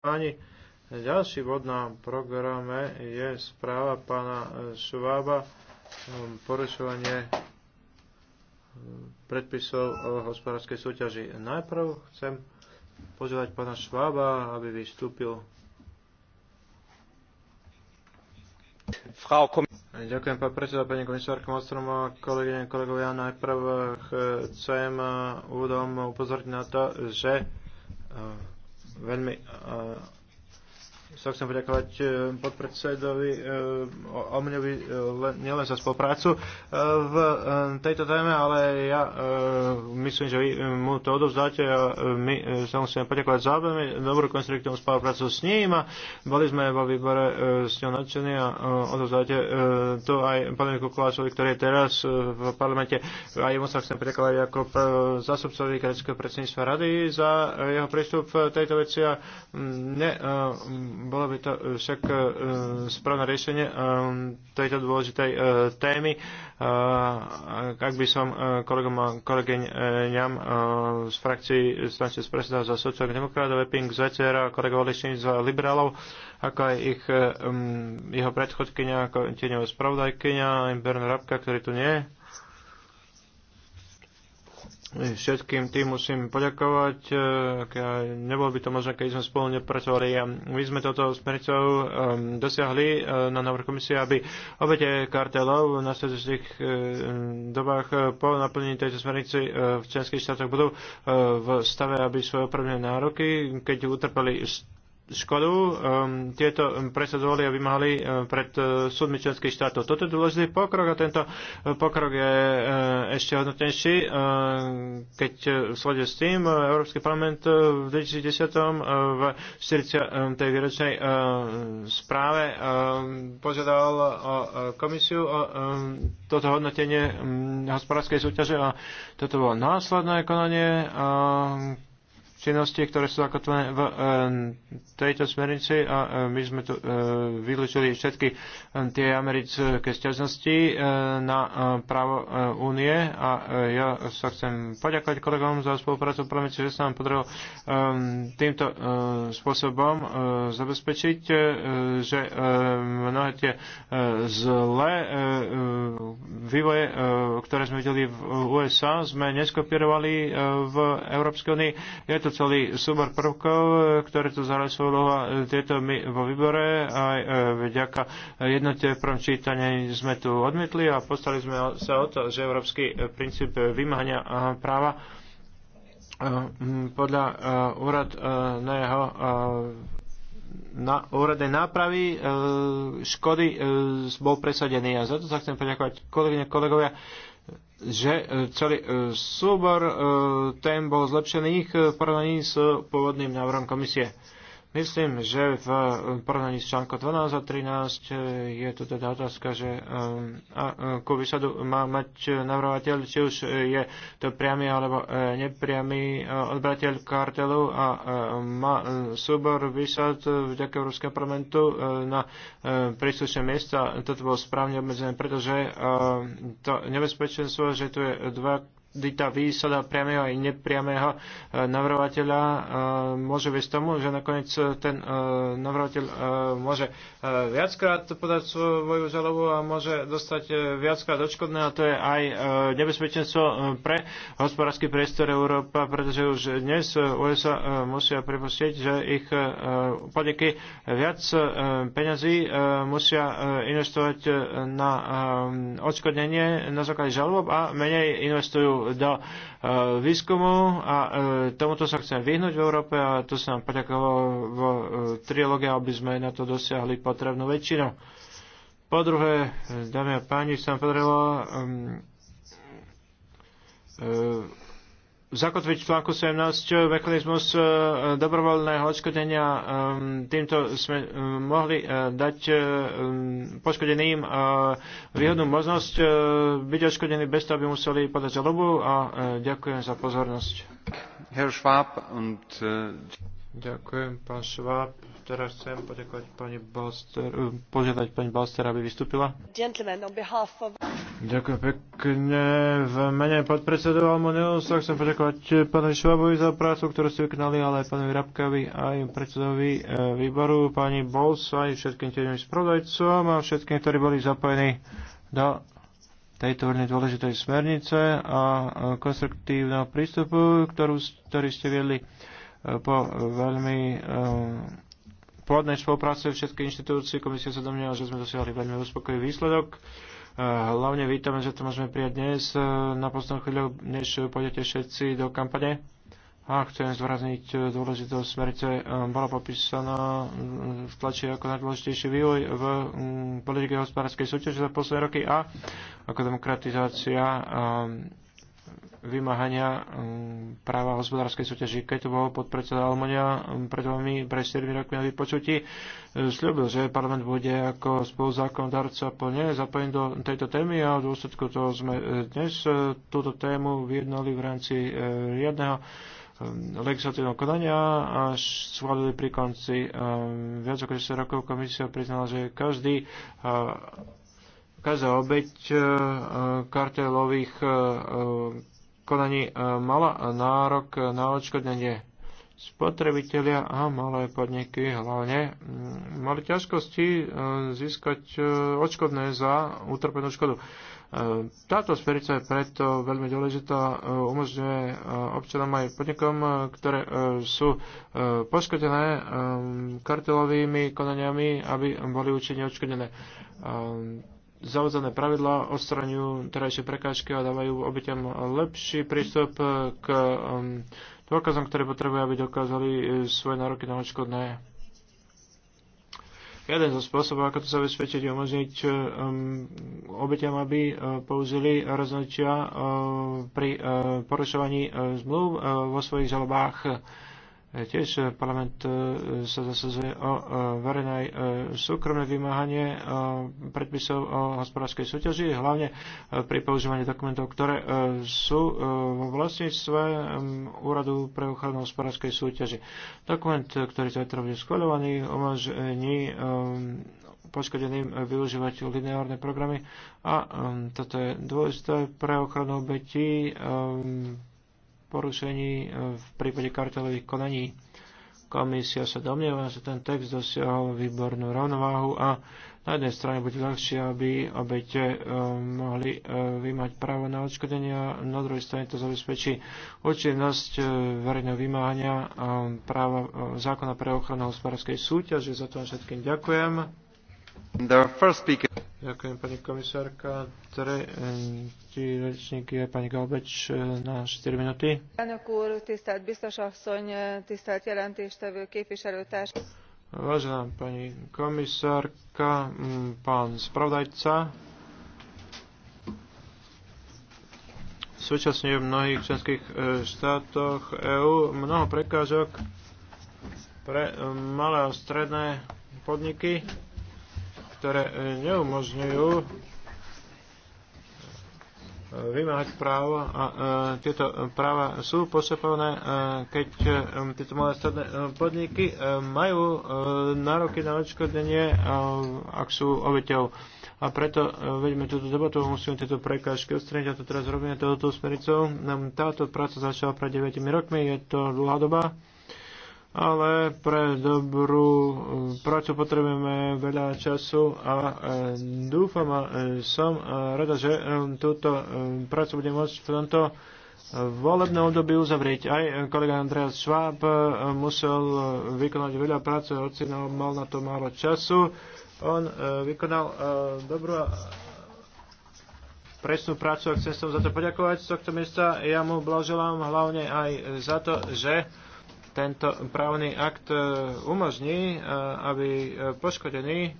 páni, ďalší bod na programe je správa pána e, Švába porušovanie predpisov o hospodárskej súťaži. Najprv chcem pozvať pána Švába, aby vystúpil. Frau Ďakujem, pán predseda, pani komisárka Mostroma, kolegyne, kolegovia. Najprv e, chcem e, úvodom upozorniť na to, že veľmi sa chcem poďakovať e, podpredsedovi e, Omňovi e, nielen za spoluprácu v tejto téme, ale ja myslím, že vy mu to odovzdáte a my sa musíme poďakovať za veľmi dobrú konstruktívnu spoluprácu s ním a boli sme vo výbore s ňou nadšení a odovzdáte to aj pánovi Kukulášovi, ktorý je teraz v parlamente. A jemu sa chcem poďakovať ako zásobcovi greckého predsedníctva rady za jeho prístup v tejto veci a ne, bolo by to e, však e, správne riešenie e, tejto dôležitej témy. Ak by som kolegom a kolegyňam z frakcií Stanče z predseda za sociálnych demokratov, Epping z VCR a kolega Olešin za liberálov, ako aj ich, jeho predchodkynia, ako tieňová spravodajkynia, Bern Rabka, ktorý tu nie je Všetkým tým musím poďakovať. E, nebolo by to možné, keď sme spolu nepracovali. My sme toto smernicou ehm, dosiahli e, na návrh komisie, aby obete kartelov v nasledujúcich e, dobách po naplnení tejto smernice v členských štátoch budú v stave, aby svoje opravné nároky, keď utrpeli škodu, ehm, tieto presadzovali a vymáhali eh, pred eh, súdmi členských štátov. Toto je dôležitý pokrok a tento eh, pokrok je ešte hodnotnejší, keď v slede s tým Európsky parlament v 2010. v 40. tej výročnej správe požiadal o komisiu o toto hodnotenie mm, hospodárskej súťaže a toto bolo následné konanie činnosti, ktoré sú zakotvené v eh, tejto smernici a eh, my sme tu eh, vylúčili všetky tie americké sťažnosti na právo únie a ja sa chcem poďakovať kolegom za spoluprácu. Práve, že sa nám podarilo týmto spôsobom zabezpečiť, že mnohé tie zlé vývoje, ktoré sme videli v USA, sme neskopírovali v Európskej únii. Je to tento celý súbor prvkov, e, ktoré tu zahrali svoju úlohu e, tieto my vo výbore aj e, vďaka jednote v prvom čítaní sme tu odmietli a postali sme sa o to, že európsky princíp vymáhania práva podľa úrad na jeho na úradnej nápravy škody bol presadený a za to sa chcem poďakovať kolegyne, kolegovia že e, celý e, súbor e, ten bol zlepšených v porovnaní s pôvodným návrhom komisie. Myslím, že v porovnaní s článkom 12 a 13 e, je tu teda otázka, že e, a, e, ku výsadu má mať navrhovateľ, či už je to priamy alebo nepriamy odberateľ kartelu a má súbor výsad vďaka Európskeho parlamentu na príslušné miesta. Toto bolo správne obmedzené, pretože to nebezpečenstvo, že tu je dva dita výsada priamého aj nepriamého e, navrhovateľa e, môže viesť tomu, že nakoniec e, ten navrhovateľ môže viackrát podať svoju žalobu a môže dostať viackrát odškodné a to je aj nebezpečenstvo pre hospodársky priestor Európa, pretože už dnes USA musia pripustiť, že ich podniky viac peňazí musia investovať na odškodnenie na základe žalob a menej investujú do uh, výskumu a uh, tomuto sa chceme vyhnúť v Európe a to sa nám poďakovalo v uh, e, trilóge, aby sme na to dosiahli potrebnú väčšinu. Po druhé, dámy a páni, sa nám podarilo um, um, zakotviť v článku 17 eh, mechanizmus eh, dobrovoľného odškodenia. Ehm, týmto sme eh, mohli dať ehm, poškodeným výhodnú možnosť byť odškodení bez toho, aby museli podať žalobu a ďakujem za pozornosť. Herr Schwab und Ďakujem, pán Šváb. Teraz chcem poďakovať pani Balster, eh, požiadať pani Balster, aby vystúpila. Of... Ďakujem pekne. V mene podpredsedu Almoneu sa chcem poďakovať pánovi Švábovi za prácu, ktorú ste vykonali, ale aj pánovi Rabkavi, aj predsedovi eh, výboru, pani Bols, aj všetkým tým spravodajcom a všetkým, ktorí boli zapojení do tejto veľmi dôležitej smernice a eh, konstruktívneho prístupu, ktorú, ktorý ste viedli E, po veľmi e, plodnej spolupráce všetkých inštitúcií komisia sa domnieva, že sme dosiahli veľmi uspokojivý výsledok. E, hlavne vítame, že to môžeme prijať dnes na poslednú chvíľu, než pôjdete všetci do kampane. A chcem zvrazniť dôležitosť smerice. Bola popísaná v tlači ako najdôležitejší vývoj v politike hospodárskej súťaže za posledné roky a ako demokratizácia vymáhania mm, práva hospodárskej súťaži. Keď to bol podpredseda Almonia mm, pred vami pre 4 rokmi na vypočutí, e, slúbil, že parlament bude ako spoluzákonodárca plne zapojený do tejto témy a v dôsledku toho sme e, dnes e, túto tému vyjednali v rámci riadneho legislatívneho konania a schválili pri konci viac ako 10 rokov komisia priznala, že každý každá obeď kartelových konaní e, mala nárok na odškodnenie. Spotrebitelia a malé podniky hlavne mm, mali ťažkosti e, získať e, odškodné za utrpenú škodu. Táto sferica je preto veľmi dôležitá, umožňuje občanom aj podnikom, ktoré sú poškodené kartelovými konaniami, aby boli účinne odškodené zavodzané pravidlá odstraňujú terajšie prekážky a dávajú obyťam lepší prístup k um, dôkazom, ktoré potrebujú, aby dokázali e, svoje nároky na odškodné. Jeden zo spôsobov, ako to zabezpečiť, je umožniť e, um, obeťam, aby uh, použili rozhodnutia uh, pri uh, porušovaní uh, zmluv uh, vo svojich žalobách. Uh, E, tiež e, parlament e, sa zasadzuje o verejné súkromné vymáhanie predpisov o hospodárskej súťaži, hlavne pri používaní dokumentov, ktoré sú vo vlastníctve Úradu pre ochranu hospodárskej súťaže. Dokument, ktorý zajtra bude schváľovaný, umožní poškodeným využívať lineárne programy a toto je dôležité pre ochranu obetí porušení e, v prípade kartelových konaní. Komisia sa domnieva, že ten text dosiahol výbornú rovnováhu a na jednej strane bude ľahšie, aby obete e, mohli e, vymať právo na odškodenie a na druhej strane to zabezpečí účinnosť verejného vymáhania práva zákona pre ochranu hospodárskej súťaže. Za to všetkým ďakujem. Speaker... Ďakujem, pani komisárka. Tretí rečník je pani Galbeč e, na 4 minúty. Elnök úr, tisztelt biztos asszony, tisztelt jelentéstevő képviselőtárs. Vážená pani komisárka, pán spravodajca, súčasne v mnohých členských e, štátoch EÚ mnoho prekážok pre e, malé a stredné podniky ktoré e, neumožňujú e, vymáhať právo a e, tieto práva sú posepované, e, keď e, tieto malé stredné e, podniky e, majú e, nároky na odškodnenie, e, ak sú obeťou. A preto e, vedeme túto debatu, musíme tieto prekážky odstrániť a to teraz robíme touto smericou. Táto práca začala pred 9 rokmi, je to dlhá doba ale pre dobrú prácu potrebujeme veľa času a e, dúfam a e, som e, rada, že túto prácu budem môcť v tomto volebnom období uzavrieť. Aj kolega Andreas Schwab musel vykonať veľa práce, hoci no, mal na to málo času. On vykonal dobrú a presnú prácu a chcem sa za to poďakovať z tohto miesta. Ja mu blaželám hlavne aj za to, že tento právny akt e, umožní, e, aby e, poškodení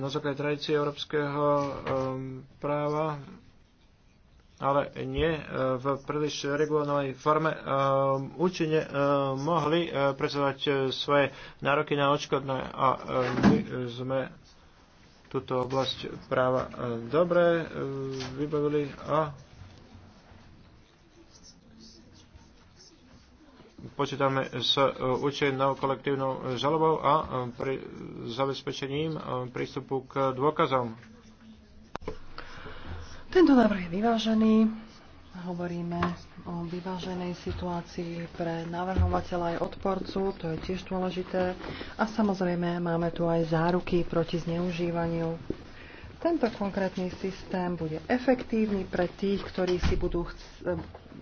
na základe tradície európskeho práva, ale nie v príliš regulovanej forme, účinne mohli predstavovať svoje nároky na odškodné a my sme túto oblasť práva dobre vybavili a počítame s učenou e, kolektívnou e, žalobou a e, pri zabezpečením prístupu k dôkazom. Tento návrh je vyvážený. Hovoríme o vyváženej situácii pre navrhovateľa aj odporcu, to je tiež dôležité. A samozrejme máme tu aj záruky proti zneužívaniu. Tento konkrétny systém bude efektívny pre tých, ktorí si budú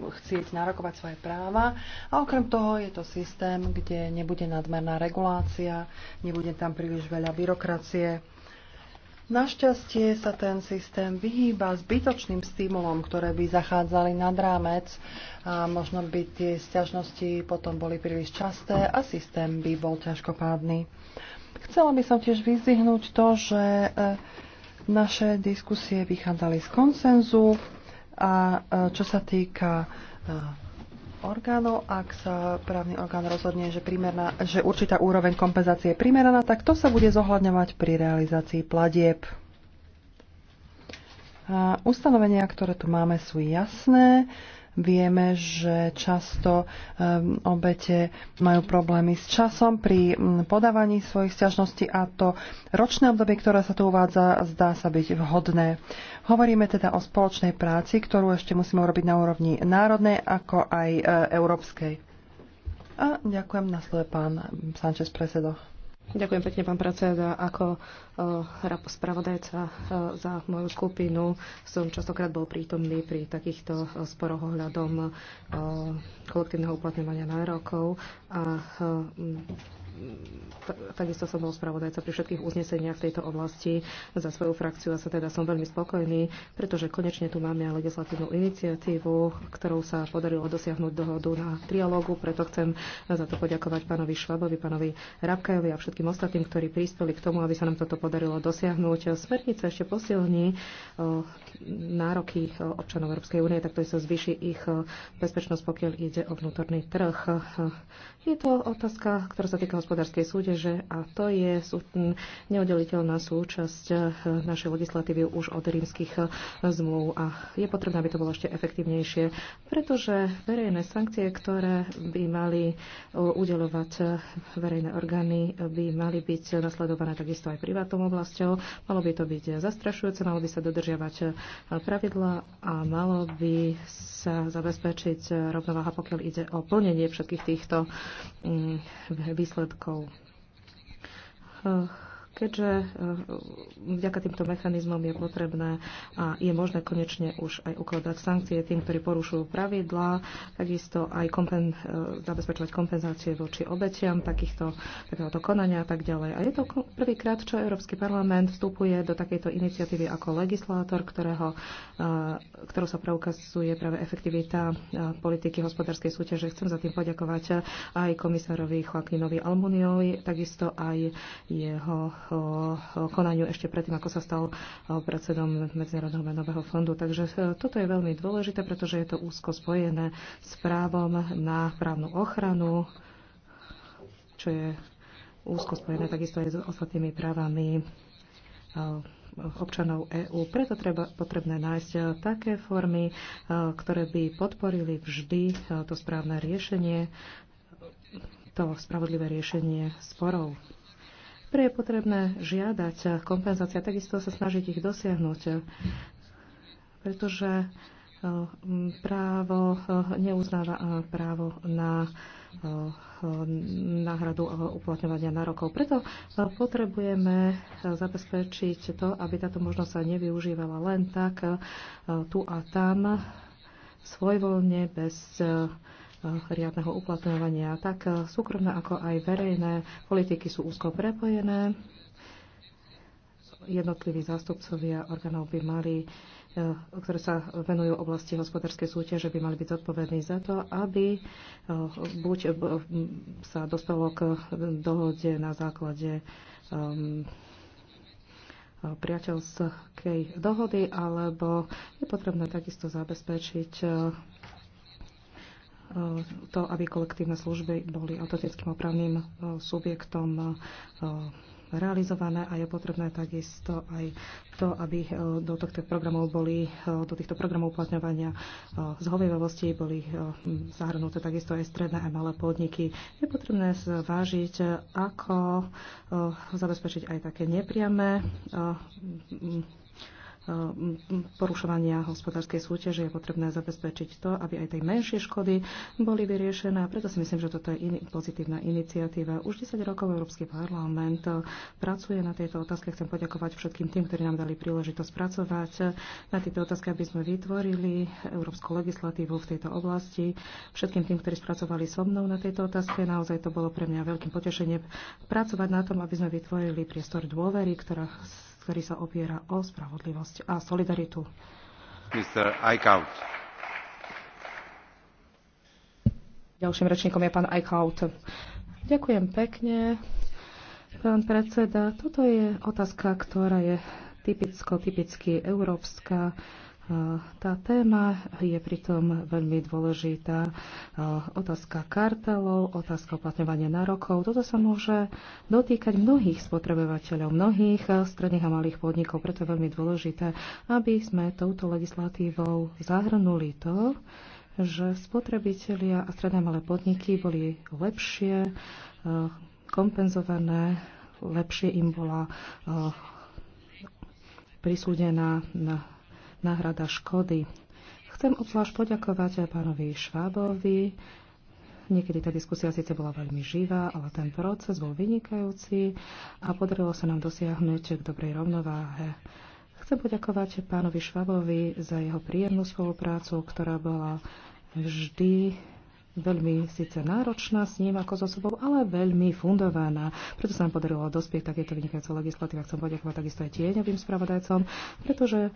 chcieť nárokovať svoje práva. A okrem toho je to systém, kde nebude nadmerná regulácia, nebude tam príliš veľa byrokracie. Našťastie sa ten systém vyhýba zbytočným stimulom, ktoré by zachádzali nad rámec a možno by tie sťažnosti potom boli príliš časté a systém by bol ťažkopádny. Chcela by som tiež vyzvihnúť to, že e, naše diskusie vychádzali z konsenzu, a e, čo sa týka e, orgánov, ak sa právny orgán rozhodne, že, primerná, že určitá úroveň kompenzácie je primeraná, tak to sa bude zohľadňovať pri realizácii platieb. A ustanovenia, ktoré tu máme, sú jasné. Vieme, že často ehm, obete majú problémy s časom pri podávaní svojich stiažností a to ročné obdobie, ktoré sa tu uvádza, zdá sa byť vhodné. Hovoríme teda o spoločnej práci, ktorú ešte musíme urobiť na úrovni národnej ako aj e, európskej. A ďakujem na slove pán Sanchez Presedo. Ďakujem pekne, pán predseda. Ako uh, spravodajca uh, za moju skupinu som častokrát bol prítomný pri takýchto uh, sporoch ohľadom uh, kolektívneho uplatňovania nárokov a uh, takisto som bol spravodajca pri všetkých uzneseniach v tejto oblasti za svoju frakciu a sa teda som veľmi spokojný, pretože konečne tu máme legislatívnu iniciatívu, ktorou sa podarilo dosiahnuť dohodu na trialógu, preto chcem za to poďakovať pánovi Švabovi, pánovi Rabkajovi a všetkým ostatným, ktorí prispeli k tomu, aby sa nám toto podarilo dosiahnuť. Smernica ešte posilní nároky občanov Európskej únie, takto sa zvýši ich bezpečnosť, pokiaľ ide o vnútorný trh. Je to otázka, ktorá sa týka hospodárskej súdeže a to je neoddeliteľná súčasť eh, našej legislatívy už od rímskych eh, zmluv a je potrebné, aby to bolo ešte efektívnejšie, pretože verejné sankcie, ktoré by mali eh, udelovať verejné orgány, by mali byť nasledované takisto aj privátnou oblasťou. Malo by to byť zastrašujúce, malo by sa dodržiavať pravidla a malo by sa zabezpečiť rovnováha, pokiaľ ide o plnenie všetkých týchto mm, výsledkov Turkov keďže e, vďaka týmto mechanizmom je potrebné a je možné konečne už aj ukladať sankcie tým, ktorí porušujú pravidlá, takisto aj kompen, e, zabezpečovať kompenzácie voči obetiam takýchto, takéhoto konania a tak ďalej. A je to prvýkrát, čo Európsky parlament vstupuje do takejto iniciatívy ako legislátor, ktorého, e, ktorú sa preukazuje práve efektivita politiky hospodárskej súťaže. Chcem za tým poďakovať aj komisárovi Joaquinovi Almuniovi, takisto aj jeho konaniu ešte predtým, ako sa stal predsedom Medzinárodného menového fondu. Takže e, toto je veľmi dôležité, pretože je to úzko spojené s právom na právnu ochranu, čo je úzko spojené takisto aj s ostatnými právami e, občanov EÚ. Preto treba potrebné nájsť e, také formy, ktoré by podporili vždy to správne riešenie, to spravodlivé riešenie sporov ktoré je potrebné žiadať kompenzácia, takisto sa snažiť ich dosiahnuť, pretože eh, právo eh, neuznáva eh, právo na náhradu uplatňovania nárokov. Preto potrebujeme zabezpečiť to, aby táto možnosť sa nevyužívala len tak tu a tam, svojvoľne, bez Eh, riadneho uplatňovania. Tak eh, súkromné ako aj verejné politiky sú úzko prepojené. Jednotliví zástupcovia orgánov by mali eh, ktoré sa venujú oblasti hospodárskej súťaže, by mali byť zodpovední za to, aby buď sa dostalo k dohode na základe ehm, priateľskej dohody, alebo je potrebné takisto zabezpečiť E, to, aby kolektívne služby boli autentickým opravným e, subjektom e, realizované a je potrebné takisto aj to, aby do tohto programov boli, do týchto programov uplatňovania zhovievavosti boli zahrnuté takisto aj stredné a malé podniky. Je potrebné zvážiť, ako zabezpečiť aj také nepriame porušovania hospodárskej súťaže je potrebné zabezpečiť to, aby aj tej menšie škody boli vyriešené. A preto si myslím, že toto je in- pozitívna iniciatíva. Už 10 rokov Európsky parlament pracuje na tejto otázke. Chcem poďakovať všetkým tým, ktorí nám dali príležitosť pracovať na tejto otázke, aby sme vytvorili európsku legislatívu v tejto oblasti. Všetkým tým, ktorí spracovali so mnou na tejto otázke, naozaj to bolo pre mňa veľkým potešením pracovať na tom, aby sme vytvorili priestor dôvery, ktorá ktorý sa opiera o spravodlivosť a solidaritu. Mr. Eichhout. Ďalším rečníkom je pán Eichhout. Ďakujem pekne, pán predseda. Toto je otázka, ktorá je typicko, typicky európska tá téma je pritom veľmi dôležitá. Otázka kartelov, otázka uplatňovania nárokov. Toto sa môže dotýkať mnohých spotrebovateľov, mnohých stredných a malých podnikov. Preto je veľmi dôležité, aby sme touto legislatívou zahrnuli to, že spotrebitelia a stredné malé podniky boli lepšie eh, kompenzované, lepšie im bola eh, prisúdená na náhrada škody. Chcem obzvlášť poďakovať pánovi Švábovi. Niekedy tá diskusia síce bola veľmi živá, ale ten proces bol vynikajúci a podarilo sa nám dosiahnuť k dobrej rovnováhe. Chcem poďakovať pánovi Švabovi za jeho príjemnú spoluprácu, ktorá bola vždy veľmi síce náročná s ním ako so sobou, ale veľmi fundovaná. Preto sa nám podarilo dospieť takéto vynikajúce legislatívy. Chcem poďakovať takisto aj tieňovým spravodajcom, pretože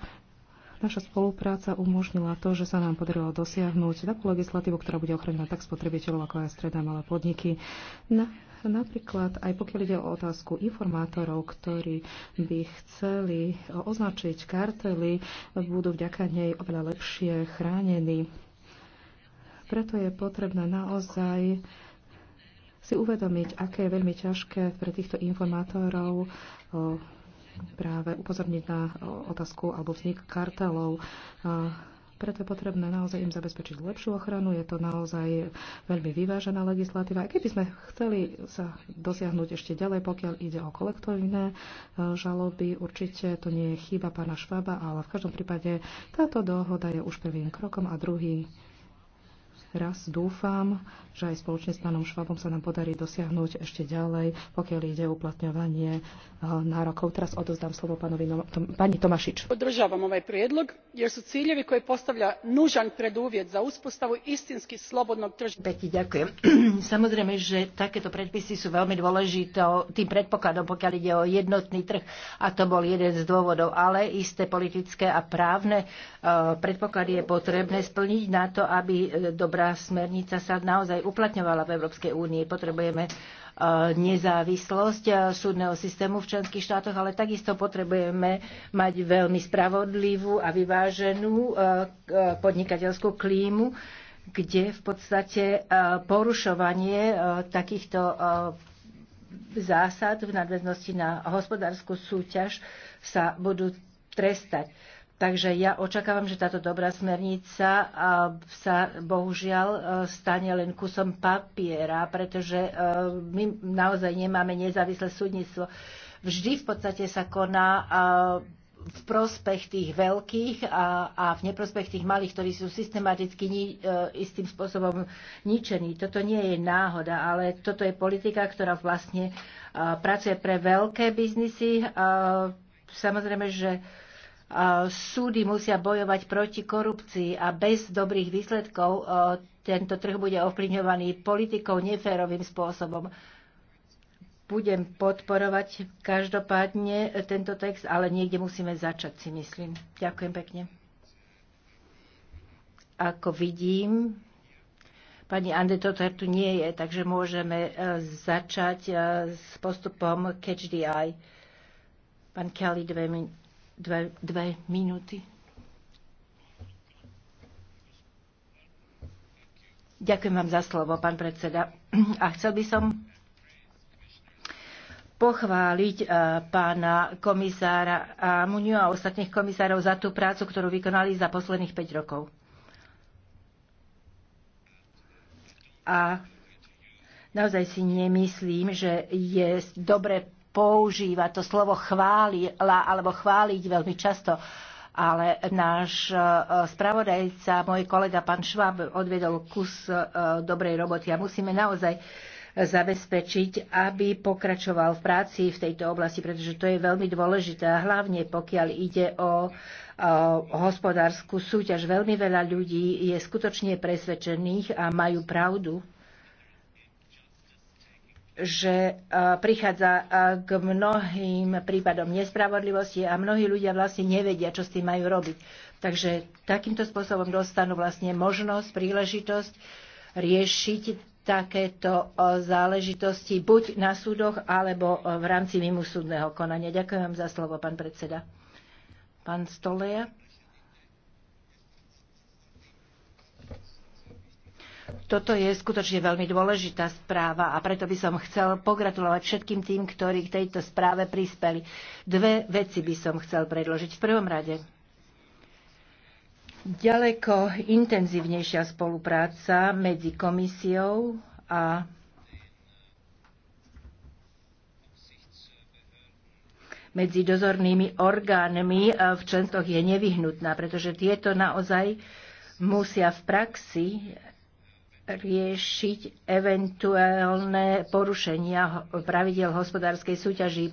Naša spolupráca umožnila to, že sa nám podarilo dosiahnuť takú legislatívu, ktorá bude ochraňovať tak spotrebiteľov, ako aj stredné malé podniky. Na, napríklad aj pokiaľ ide o otázku informátorov, ktorí by chceli označiť kartely, budú vďaka nej oveľa lepšie chránení. Preto je potrebné naozaj si uvedomiť, aké je veľmi ťažké pre týchto informátorov eh, práve upozorniť na otázku alebo vznik kartelov. Preto je potrebné naozaj im zabezpečiť lepšiu ochranu. Je to naozaj veľmi vyvážená legislatíva. Aj keby sme chceli sa dosiahnuť ešte ďalej, pokiaľ ide o kolektívne e, žaloby, určite to nie je chyba pána Švaba, ale v každom prípade táto dohoda je už prvým krokom a druhý raz dúfam, že aj spoločne s pánom Švabom sa nám podarí dosiahnuť ešte ďalej, pokiaľ ide o uplatňovanie eh, nárokov. Teraz odozdám slovo pánovi, tom, pani Tomašič. Podržávam ovaj prijedlog jer sú cíľevi, koje postavlja nužan preduvjet za uspostavu istinsky slobodnog tržba. Peti, ďakujem. Samozrejme, že takéto predpisy sú veľmi dôležité tým predpokladom, pokiaľ ide o jednotný trh a to bol jeden z dôvodov, ale isté politické a právne eh, predpoklady je potrebné splniť na to, aby eh, dobrá ktorá smernica sa naozaj uplatňovala v Európskej únii. Potrebujeme e, nezávislosť e, súdneho systému v členských štátoch, ale takisto potrebujeme mať veľmi spravodlivú a vyváženú e, podnikateľskú klímu, kde v podstate porušovanie takýchto zásad v nadväznosti na hospodárskú súťaž sa budú trestať. Takže ja očakávam, že táto dobrá smernica sa bohužiaľ e, stane len kusom papiera, pretože e, my naozaj nemáme nezávislé súdnictvo. Vždy v podstate sa koná v prospech tých veľkých a, a v neprospech tých malých, ktorí sú systematicky ni, e, istým spôsobom ničení. Toto nie je náhoda, ale toto je politika, ktorá vlastne e, pracuje pre veľké biznisy. E, samozrejme, že e, súdy musia bojovať proti korupcii a bez dobrých výsledkov e, tento trh bude ovplyvňovaný politikou neférovým spôsobom. Budem podporovať každopádne tento text, ale niekde musíme začať, si myslím. Ďakujem pekne. Ako vidím, pani toto tu nie je, takže môžeme e, začať e, s postupom Catch the Eye. Pán Kelly, dve minúty dve, dve minúty. Ďakujem vám za slovo, pán predseda. A chcel by som pochváliť eh, pána komisára Muniu a ostatných komisárov za tú prácu, ktorú vykonali za posledných 5 rokov. A naozaj si nemyslím, že je dobre používa to slovo chválila alebo chváliť veľmi často, ale náš e, spravodajca, môj kolega pán Šváb odvedol kus e, dobrej roboty a musíme naozaj zabezpečiť, aby pokračoval v práci v tejto oblasti, pretože to je veľmi dôležité a hlavne pokiaľ ide o, o hospodárskú súťaž. Veľmi veľa ľudí je skutočne presvedčených a majú pravdu že e, prichádza e, k mnohým prípadom nespravodlivosti a mnohí ľudia vlastne nevedia, čo s tým majú robiť. Takže takýmto spôsobom dostanú vlastne možnosť, príležitosť riešiť takéto e, záležitosti buď na súdoch, alebo v rámci mimosúdneho konania. Ďakujem vám za slovo, pán predseda. Pán Stoleja. Toto je skutočne veľmi dôležitá správa a preto by som chcel pogratulovať všetkým tým, ktorí k tejto správe prispeli. Dve veci by som chcel predložiť. V prvom rade ďaleko intenzívnejšia spolupráca medzi komisiou a medzi dozornými orgánmi e, v členstvoch je nevyhnutná, pretože tieto naozaj musia v praxi riešiť eventuálne porušenia pravidel hospodárskej súťaži.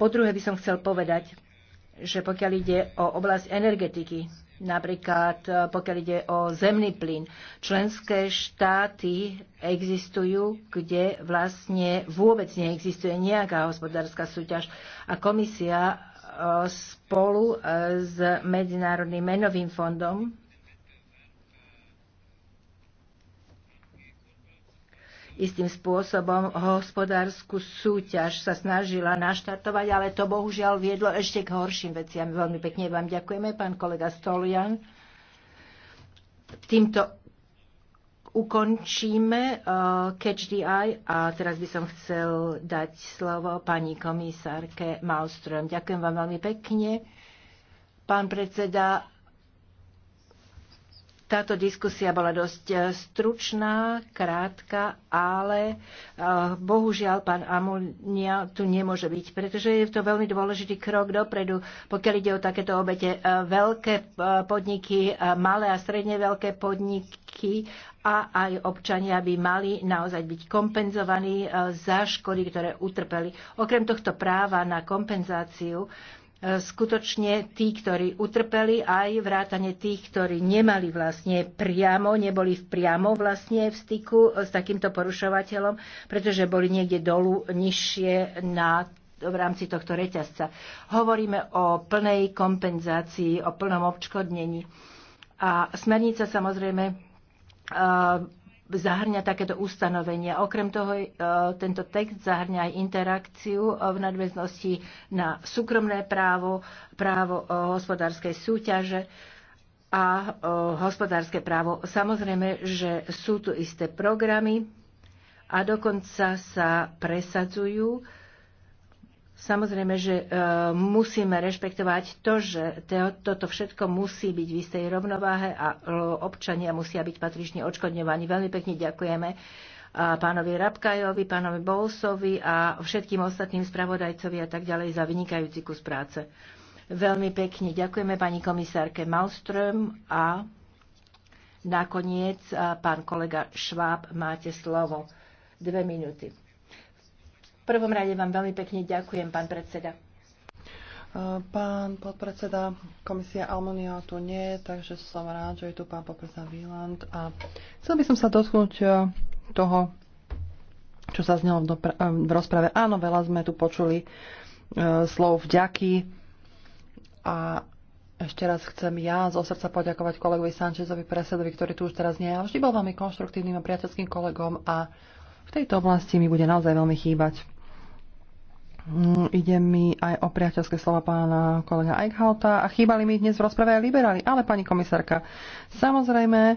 Po druhé by som chcel povedať, že pokiaľ ide o oblasť energetiky, napríklad e, pokiaľ ide o zemný plyn, členské štáty existujú, kde vlastne vôbec neexistuje nejaká hospodárska súťaž a komisia e, spolu e, s Medzinárodným menovým fondom istým spôsobom hospodárskú súťaž sa snažila naštartovať, ale to bohužiaľ viedlo ešte k horším veciam. Veľmi pekne vám ďakujeme, pán kolega Stolian. Týmto ukončíme uh, Catch the Eye a teraz by som chcel dať slovo pani komisárke Malström. Ďakujem vám veľmi pekne. Pán predseda, táto diskusia bola dosť e, stručná, krátka, ale e, bohužiaľ pán Amunia tu nemôže byť, pretože je to veľmi dôležitý krok dopredu, pokiaľ ide o takéto obete. E, veľké podniky, malé a stredne veľké podniky a aj občania by mali naozaj byť kompenzovaní za škody, ktoré utrpeli. Okrem tohto práva na kompenzáciu, skutočne tí, ktorí utrpeli, aj vrátane tých, ktorí nemali vlastne priamo, neboli v priamo vlastne v styku s takýmto porušovateľom, pretože boli niekde dolu nižšie na v rámci tohto reťazca. Hovoríme o plnej kompenzácii, o plnom občkodnení. A smernica samozrejme zahrňa takéto ustanovenia. Okrem toho, e, tento text zahrňa aj interakciu e, v nadväznosti na súkromné právo, právo e, hospodárskej súťaže a hospodárske právo. Samozrejme, že sú tu isté programy a dokonca sa presadzujú Samozrejme, že e, musíme rešpektovať to, že toto všetko musí byť v istej rovnováhe a e, občania musia byť patrične odškodňovaní. Veľmi pekne ďakujeme e, pánovi Rabkajovi, pánovi Bolsovi a všetkým ostatným spravodajcovi a tak ďalej za vynikajúci kus práce. Veľmi pekne ďakujeme pani komisárke Malström a nakoniec pán kolega Šváb, máte slovo. Dve minúty prvom rade vám veľmi pekne ďakujem, pán predseda. E, pán podpredseda komisie Almonia tu nie, takže som rád, že je tu pán podpredseda Wieland. A chcel by som sa dotknúť e, toho, čo sa znelo e, v, rozprave. Áno, veľa sme tu počuli slov vďaky a ešte raz chcem ja zo srdca poďakovať kolegovi Sanchezovi Presedovi, ktorý tu už teraz nie je, ale vždy bol veľmi konštruktívnym a priateľským kolegom a v tejto oblasti mi bude naozaj veľmi chýbať. Mm, ide mi aj o priateľské slova pána kolega Eichhauta a chýbali mi dnes v rozprave aj liberáli. Ale pani komisárka, samozrejme,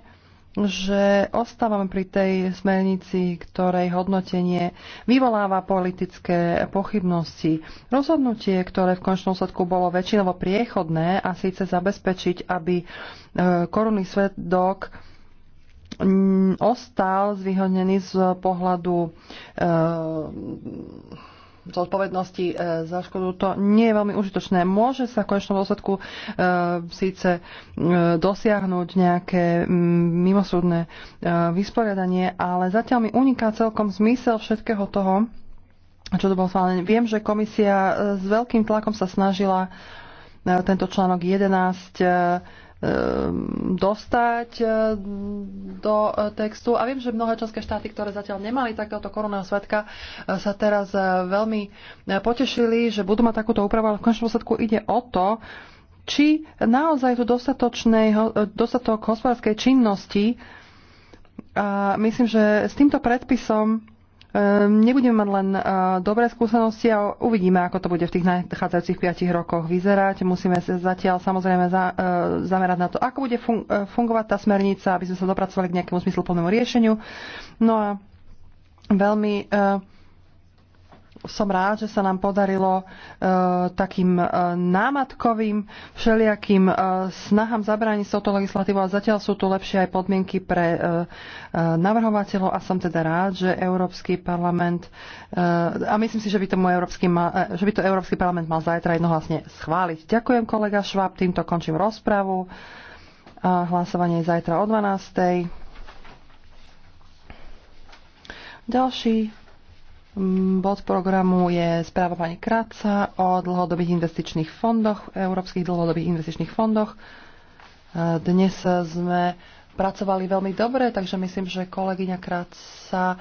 že ostávame pri tej smernici, ktorej hodnotenie vyvoláva politické pochybnosti. Rozhodnutie, ktoré v končnom sledku bolo väčšinovo priechodné a síce zabezpečiť, aby e, korunný svedok mm, ostal zvyhodnený z pohľadu e, zodpovednosti e, za škodu, to nie je veľmi užitočné. Môže sa v konečnom dôsledku e, síce e, dosiahnuť nejaké mimosúdne vysporiadanie, ale zatiaľ mi uniká celkom zmysel všetkého toho, čo to bolo schválené. Viem, že komisia s veľkým tlakom sa snažila tento článok 11 Ehm, dostať e, do e, textu. A viem, že mnohé členské štáty, ktoré zatiaľ nemali takéhoto koronného svetka, e, sa teraz veľmi potešili, že budú mať takúto úpravu, ale v končnom dôsledku ide o to, či naozaj tu dostatok hospodárskej činnosti. A myslím, že s týmto predpisom Ehm, nebudeme mať len eh, dobré skúsenosti a uvidíme, ako to bude v tých nachádzajúcich 5 rokoch vyzerať. Musíme sa zatiaľ samozrejme eh, zamerať na to, ako bude eh, fungovať tá smernica, aby sme sa dopracovali k nejakému zmysluplnému riešeniu. No a veľmi uh, som rád, že sa nám podarilo e, takým e, námatkovým všelijakým e, snahám zabrániť s touto legislatívou a zatiaľ sú tu lepšie aj podmienky pre e, e, navrhovateľov a som teda rád, že Európsky parlament e, a myslím si, že by, tomu Európsky ma, e, že by to Európsky parlament mal zajtra jednohlasne schváliť. Ďakujem kolega Šváb, týmto končím rozpravu a hlasovanie je zajtra o 12. Ďalší Mm, bod programu je správa pani Kráca o dlhodobých investičných fondoch, európskych dlhodobých investičných fondoch. E, dnes sme pracovali veľmi dobre, takže myslím, že kolegyňa Kráca